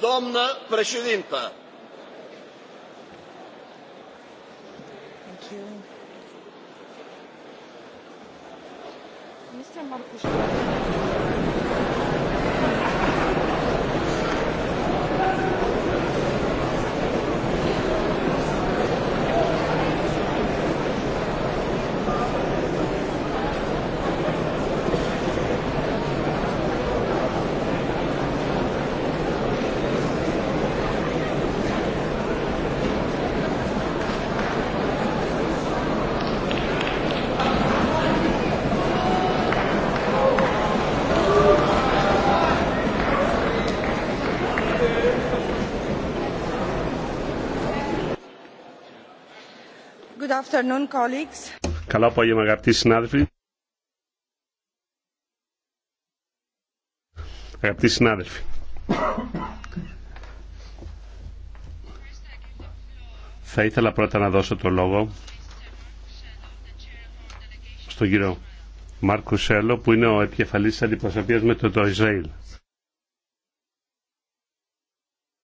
Doamnă președintă! Mr. Marcus. Καλό απόγευμα αγαπητοί συνάδελφοι. Αγαπητοί συνάδελφοι. Θα ήθελα πρώτα να δώσω το λόγο στον κύριο Μάρκο Σέλο που είναι ο επικεφαλής αντιπροσωπείας με το, το Ισραήλ.